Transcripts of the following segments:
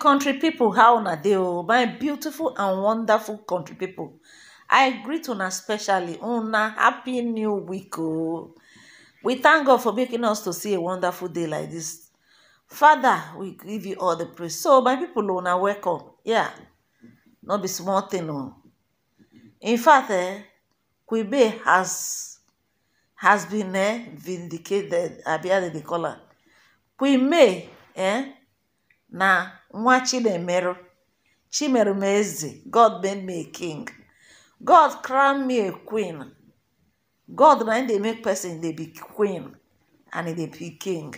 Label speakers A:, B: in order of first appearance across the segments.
A: country people how na dey my beautiful and wonderful country people i greet una specially una happy new week we thank god for making us to see a wonderful day like this. father we give you all the praise so my people, una welcome yeah no be small thing o in fact eh quibbe has has been eh vindicated abi the dem dey call eh na nwa Chinemerụ God made me a king God crowned me a queen God made him make person they be queen and they be king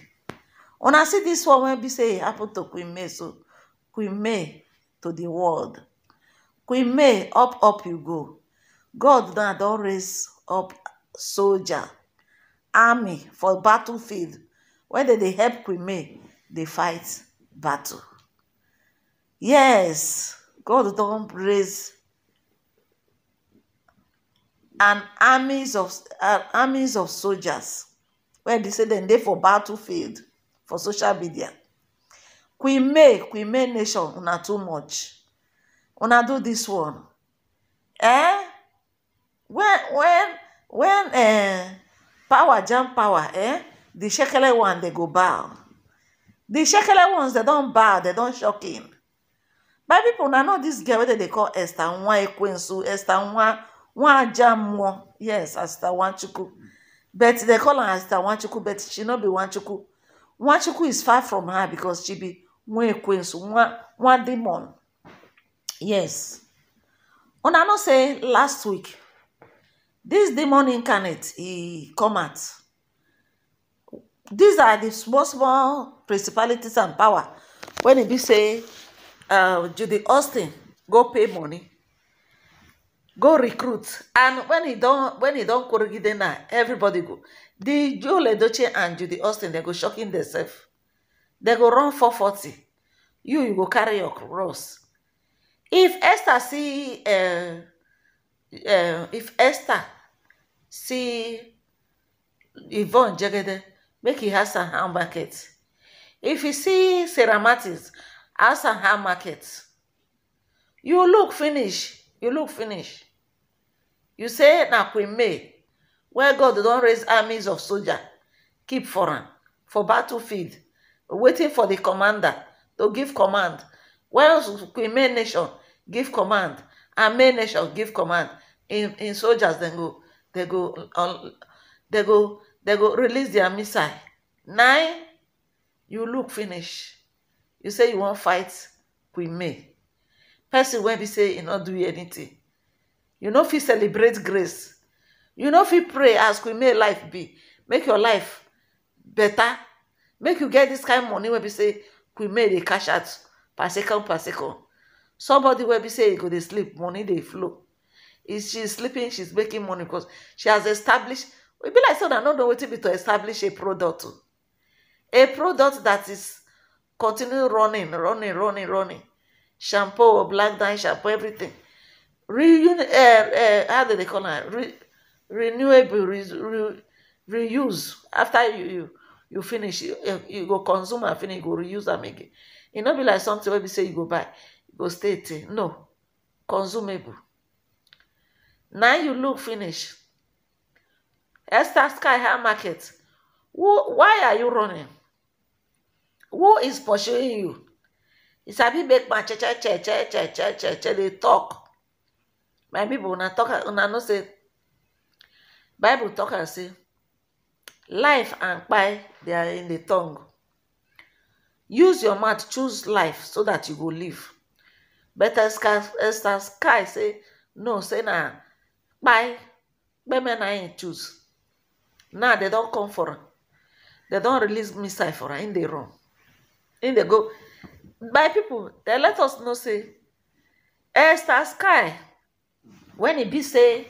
A: When I see this one when we say happen to Queen May so Queen May to the world Queen May up up you go God na don raise up soldier army for battlefield when they help Queen May they fight battle Yes, God don't raise an armies of uh, armies of soldiers when they say them they for battlefield for social media. Queen May, Queen May nation, not too much. Una do this one. Eh? When when when eh, power jump power, eh? The shekele one they go bow. The shekele ones they don't bow, they don't shock him. my people na know this girl What they call esther nwa ekwensu esther nwa nwa ajamuo yes esther nwanchukwu but they call her esther nwanchukwu but she not be nwanchukwu nwanchukwu is far from her because she be nwa ekwensu nwa demon yes I know say last week this demon incarnate he come at. these are the small small principalities and power when e be say uh, judy austin go pay money go recruit and when when he don't, wen e don korogide na everybody go The Joe edoche and judy austin they go shocking themselves They go run 440 you you go carry your cross if esther see uh, uh, if esther see yvonne jegede make he has a how market if e see sarah martins house and hand market you look finish you look finish you say na queen may where god don raise armies of soldier, keep for am for battlefield waiting for the commander to give command wen queen may nation give command and may nation give command in in soldiers dem go they go um, they go they go release their missile nine you look finish you say you won't fight with me. person wey be say you not do anything you know if he celebrate grace you know if he pray as we may life be make your life better make you get this kind money when we say we may dey cash out per second per second somebody will be say go to sleep money they flow if she's sleeping she's making money because she has established We be like I una no know wetin be to establish a product a product that is continue running running running running shampoo black dye shampoo everything reun uh, eh, uh, eh, how do they call it Re renewable re re reuse after you you you finish you, eh, you go consume and finish you go reuse am again e no be like something where we say you go buy you go stay no consumable Now you look finish esther sky high market who why are you running who is pursuing you you sabi make man che che che che che che che che talk my people una talk una know say bible talk am say life and kpai they are in the tongue use your mouth choose life so that you go live Better sky esther sky say no say na kpai kpeme na im choose now they don't come for am dem don release missile for am im dey run In the go my people, dem let us know say esther sky when e be say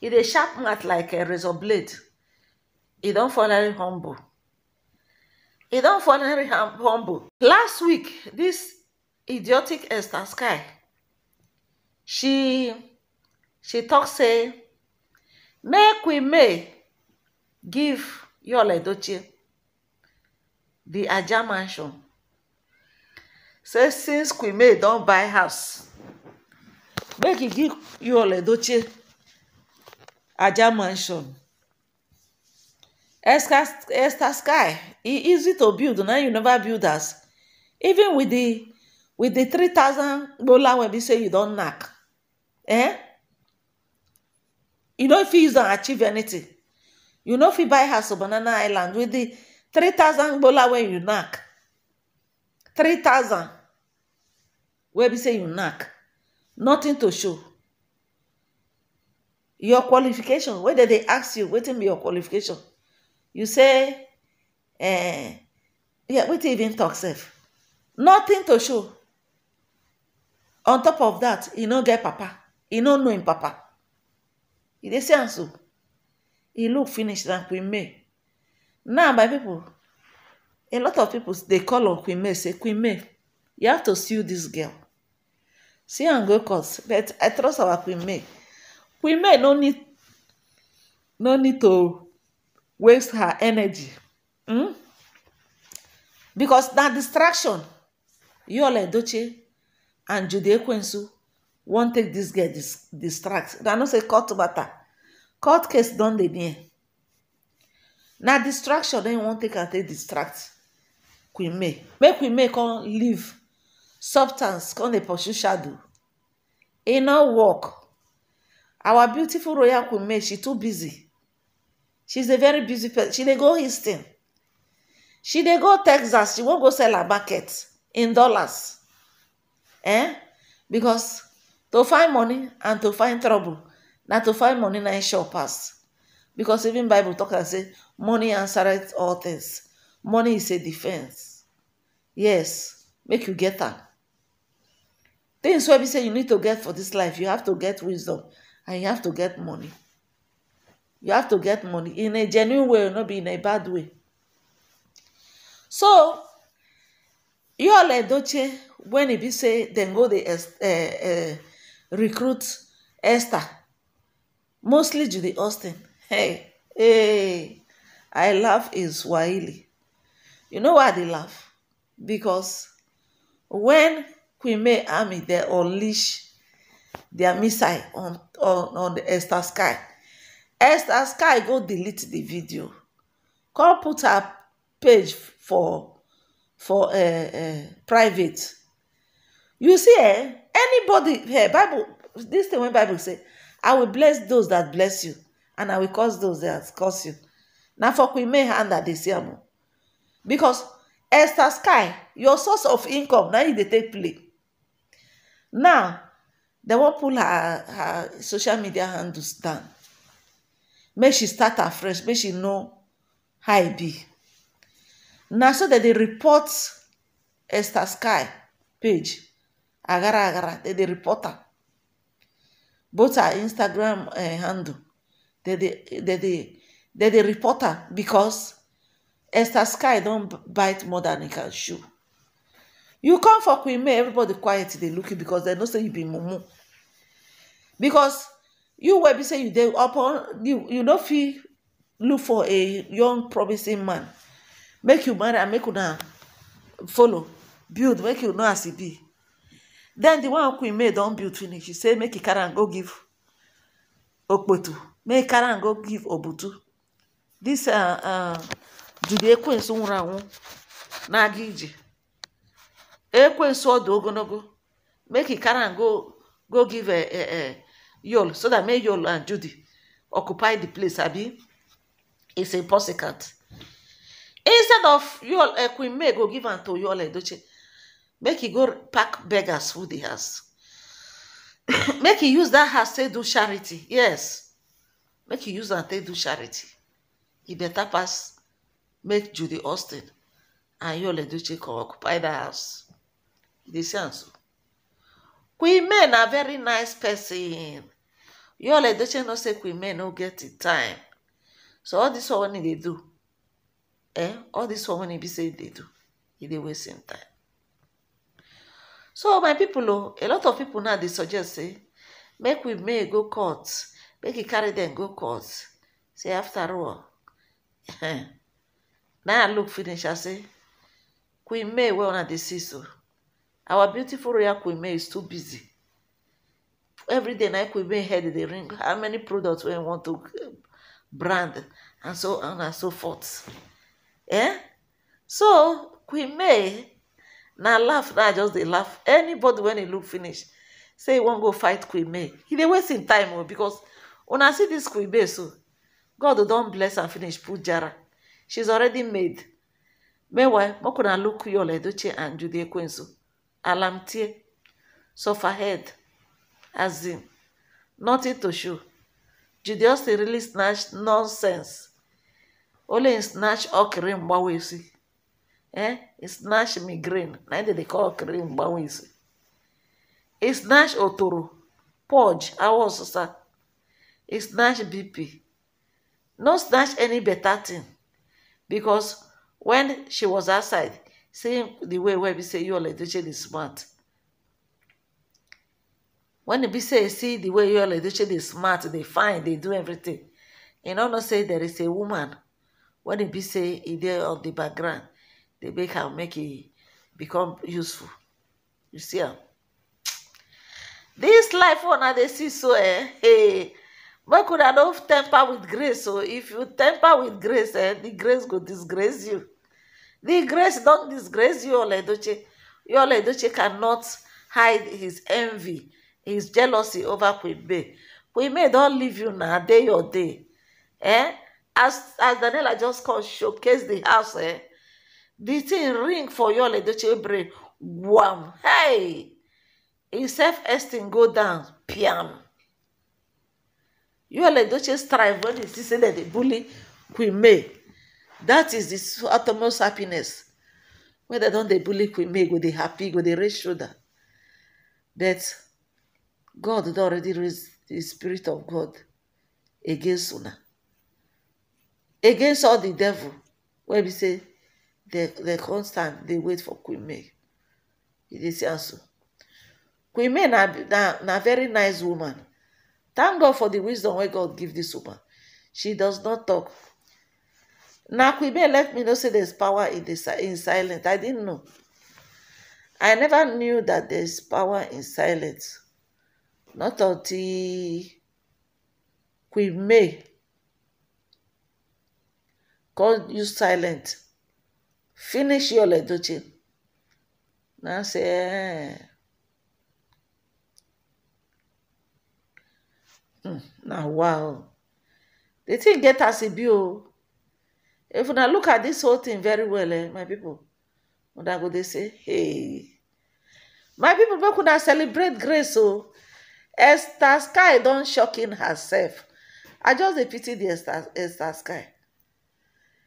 A: e dey sharp mouth like a razor blade e don very humble e don very humble last week this idiotic esther sky she she talk say make we may give yul edochie the ajah mansion say since queen may don buy house make he give you all edoche aja mansion esther sky e easy to build Now you never build us, even with the with the 3000 dollar when be say you don't knock. eh you know if use am achieve anything you know if fit buy house of banana island with the 3000 dollar when you knack 3000 wey be say you knack nothing to show your qualification wey dem dey ask you wetin be your qualification you say eh yeah wetin even talk sef nothing to show on top of dat you e no get papa you e no know im papa e dey see am so e look finish than queen may now by pipo a lot of pipo dey call on queen may say queen may you have to sue dis girl. see am go court but i trust our queen may queen may no need no need to waste her energy hmm? because na distraction yola edoche and jude ekwensu wan take dis girl dis distract na no say court matter court case don dey near na distraction dem wan take am take distract queen may make queen may come leave substance come dey pursue shadow e no work our beautiful royal queen may she too busy she's a very busy person she dey go houston she dey go texas she won't go sell her market in dollars eh because to find money and to find trouble Not to find money Not sure pass because even bible talk say money answers all things money is a defence yes make you get that. Things where we say you need to get for this life, you have to get wisdom and you have to get money. You have to get money in a genuine way, not be in a bad way. So, Yul Edochie, when he be say then go the uh, uh, recruit Esther, mostly Judy Austin. Hey, hey, I love in Swahili. You know why they laugh? Because when queen may army they unleash their missile on on on esther sky esther sky go delete the video come put her page for for eh, eh, private you see eh anybody here eh, bible This thing when bible say i will bless those that bless you and i will curse those that curse you Now, for queen may hand i dey see because esther sky your source of income now you dey take play now dem wan pull her her social media handles down make she start her fresh make she how e be na so dem dey report sky page agara dem dey report am both her instagram eh, handle dem dey dem dey report am becos sky don bite more than e can chew. you come for queen may everybody quiet dey look you because dem know say you be mumu because you wey be say you dey upon you you no fit look for a young promising man make you marry and make una follow build make you know as e be den the one queen may don build finish she say make e carry am go give okpoto make e carry am go give obutu dis uh, uh, judea queen sunwuranwu na agiji ekwensu esu odo ogologo make e carry am go go give e yol so that make yol and judy occupy di place abi e say posse instead of yol queen may go give am to yol edoche make e go pack beggars for di house make e use dat house take do charity yes make e use dat take do charity e beta pass make judy austin and yol edoche go occupy dat house. you dey see am so. Queen May na very nice person. Yul Edochie know say Queen May no get the time. So all dis one wey e dey do, eh, all dis one wey e be say e dey do, e dey waste him time. So my pipo o, oh, a lot of pipo now dey suggest say make Queen May go court, make e carry dem go court. Say after all, na I look finish I say Queen May wey una dey see so. our beautiful royal queen may is too busy every day na queen may head dey ring how many products wey want to uh, brand and so on and so forth eh so queen may na laugh na just dey laugh anybody when e look finish say he wan go fight queen may He dey waste im time o oh, because una see this queen may so god don bless am finish put jara she's already made meanwhile make una look yul edochie and jude ekwensu Alamtire suffered as in nothing to show. Jude really snatched nonsense. Only he snatched ọkịrị mgbanwe isi. Eh? He snatched migraine. Na ndị dey call ọkịrị mgbanwe isi. He snatched otoro, purge, was ọsụsa. He snatched BP. No snatch any better thing because when she was outside, same the way wey be say Yul Edochie dey smart when we say see the way Yul Edochie dey smart they find they do everything you no know say there is a woman when e be say e dey on the background they make am make e become useful you see am This life one i dey see so eh hey make una not temper with grace So oh. if you temper with grace eh the grace go disgrace you The grace don't disgrace you, Oledoche. Your Oledoche cannot hide his envy, his jealousy over Queen May. Queen May don't leave you now day or day. Eh? As as Daniela just called, showcase the house, eh? The thing ring for your Oledoche brain. Wham! Hey! His self-esteem go down. Piam! Your Oledoche strive when he see that they bully Queen May. that is the utmost happiness wey dem don dey bully queen may go they happy go they raise shoulder but god don already raised the spirit of god against una against all the devil wey we say dem come constant? They wait for queen may you dey see am queen may na na very nice woman thank god for the wisdom wey god give this woman she does not talk Now queen let me know say there's power in this in silence i didn't know i never knew that there's power in silence not until queen may call you silent finish your ledoche Now say eh. hmm, Now wow the thing get us a e be oh if una look at this whole thing very well eh my pipo una go dey say hey my people," we could una celebrate grace So oh. esther sky don't shock in herself i just dey pity di esther sky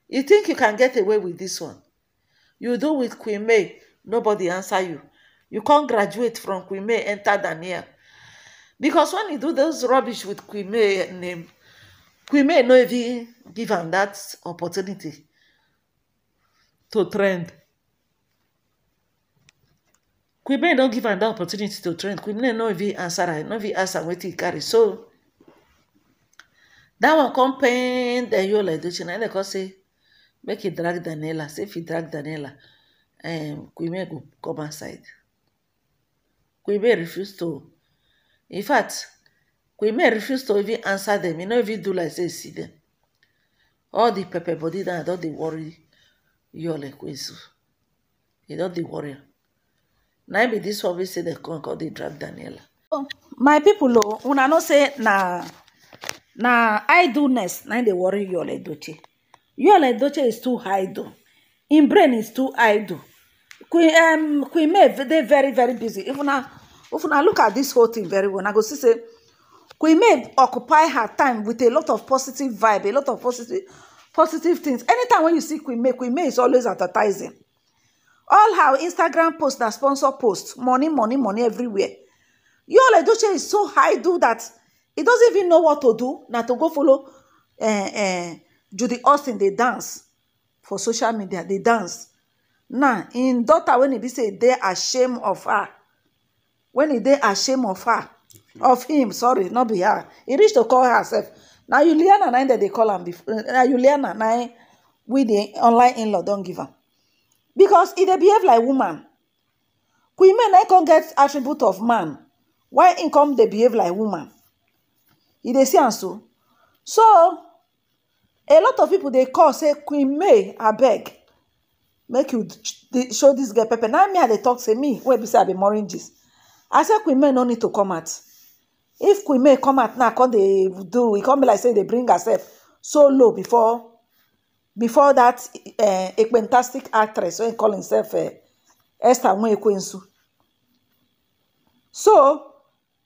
A: you think you can get away with this one you do with queen may nobody answer you you can't graduate from queen may enta daniel because when you do those rubbish with queen may name Queen May no even give him that opportunity to trend. Queen May no give him that opportunity to trend. Queen May no even answer I no even ask am wetin e carry. So that one come pain you like na dem come say make he drag Daniela, say if he drag Daniela, um, Queen May go come aside. Queen May refuse to. In fact, Queen me refuse to even answer dem. E no even do like say e see dem. All the pepper body now don dey worry Yul so, you don't they worry Now be this one we say they come come dey drag Daniela. Oh, my people o, oh, una know say na na idleness Now they worry Yul Edochie. Yul Edochie is too idle. In brain is too idle. Queen um, Queen May dey very very busy. If una if una look at this whole thing very well, I go see say Queen May occupy her time with a lot of positive vibe, a lot of positive, positive things. Anytime when you see Queen May, Queen May is always advertising. All her Instagram posts are sponsor posts. Money, money, money everywhere. Your education is so high do that he doesn't even know what to do Na to go follow uh, uh, Judy Austin. They dance for social media. They dance. Now, in daughter, when he be say they are ashamed of her, when he they are ashamed of her, of him sorry not be her e reach to call her self na yuliana na dem dey call am before na yuliana na in wey the online in-law don give am. because e dey behave like woman queen may na con get attribute of man why im come dey behave like woman e dey see am so. so a lot of people dey call say queen may abeg make you show dis girl pepper na me i dey tok say me wey be say i be moranges i say queen may no need to come out. if queen may come at now come they do e come be like say they e bring herself so low before before that uh, fantastic actress wey e call himself uh, esther nwekwensu so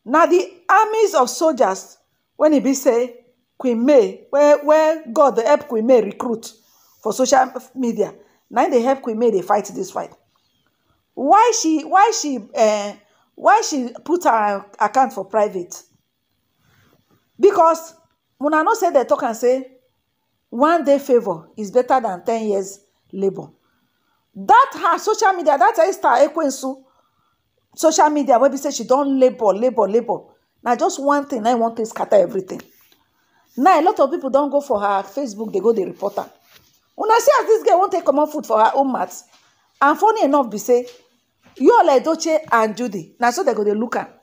A: now the armies of soldiers when e be say queen may wey wey god help queen may recruit for social media Now they help queen may They fight this fight why she why she uh, why she put her account for private because una know say dem talk and say one day favor is better than ten years labor. that her social media that esther ekwensu social media wey be say she don't labor, labor, labor. Now just one thing I want wan take scatter everything now a lot of people don't go for her facebook they go the reporter. am una see as this girl won't take common food for her own mats. and funny enough be say You yul doche and judy Now so they go to look at.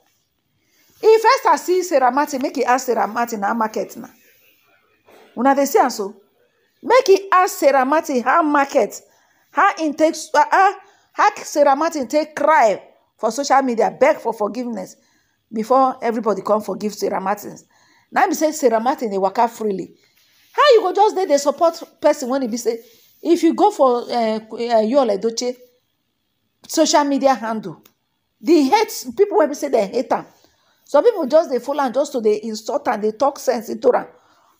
A: If first as see sarah martin make e ask sarah martin na market na una dey see am so make e ask sarah martin how market how intake take uh, uh, how sarah martin take cry for social media beg for forgiveness before everybody come forgive sarah martin na im say sarah martin work out freely how you go just dey dey support person when he be say if you go for uh, yul edoche social media handle the hate people when we say they hate them, some people just they follow and just to they insult and they talk sense into am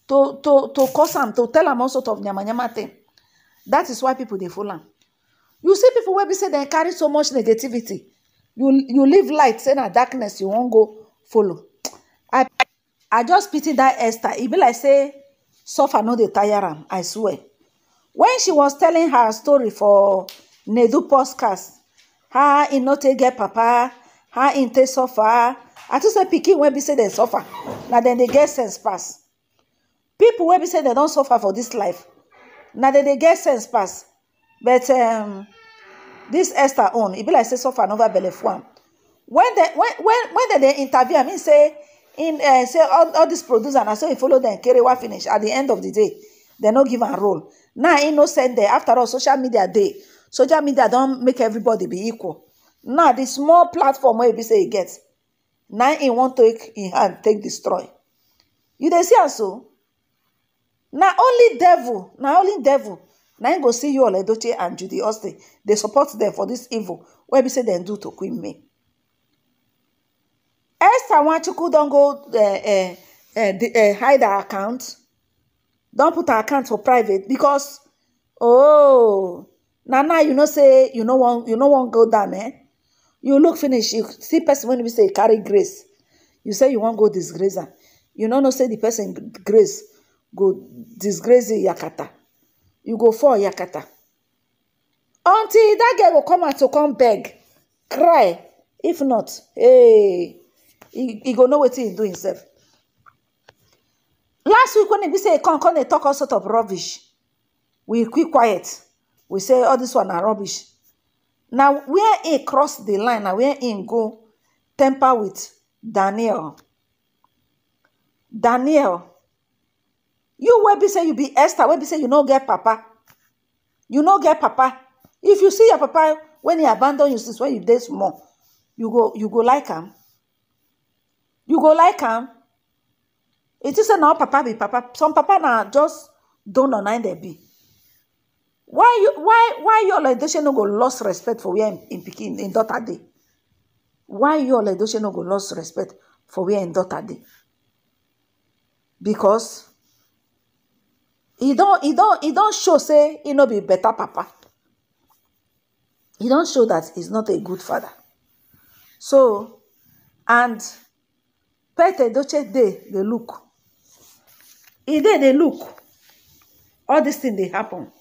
A: to to to cause them to tell them all sort of yamayama thing that is why people they follow you see people where we say they carry so much negativity you you leave light say na darkness you won't go follow i i just pity that esther Even like say suffer no the tire i swear when she was telling her story for nedu podcast Ha, im no take get papa Ha, im take suffer i too say pikin wey be say dem suffer na dem dey get sense pass pipo wey be say dem don suffer for this life na dem dey get sense pass but um, dis esther own e be like say suffer nova belle for am when dem dey interview am mean say eh, say all all dis producer na so e follow dem kerewa finish at the end of the day dem no give am role now he no send dem after all social media dey social media don make everybody be equal now the small platform where e say e get na in one take in hand take destroy you dey see also now only devil now only devil now im go see you oledoche and judy austin they support them for this evil where we say they do to queen may esther nwachukwu don go eh, eh, eh, hide her account Don't put her account for private because oh na now you know say you no wan go down eh you look finish you see person when we say carry grace you say you won't go disgrace am you no know say the person grace go disgrace yakata you go for yakata until that girl will come out to come beg cry if not hey he he go know wetin e do himself last week when we say come come dey talk all sort of rubbish we quick quiet we say all oh, this one are rubbish Now, where e cross the line now where in go temper with daniel daniel you will be say you be esther wey be say you no get papa you no get papa if you see your papa when he abandon you since when you dey more, you go you go like him, you go like him. it is say now papa be papa some papa na just don't know im they be why you why why your orientation no go lost respect for where in pikin im daughter day? why your orientation no go lost respect for where in daughter day? because he he he don't don't don't show say he no be better papa He don't show that he's not a good father so and pet edoche day they look he dey they look all these things they happen.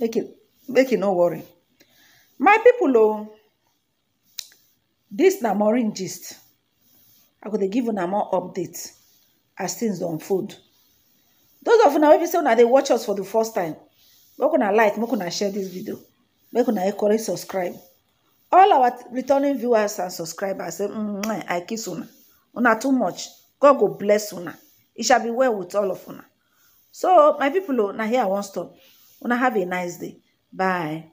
A: make you make you no worry my people o oh, dis na morning gist i go dey give una more updates as things don food those of una wey be say una dey watch us for the first time make una like make una share dis video make una encourage subscribe all our returning viewers and subscribers say mm, i kiss una una too much god go bless una e shall be well with all of una so my pipo oh, na here i wan stop Una have a nice day. Bye.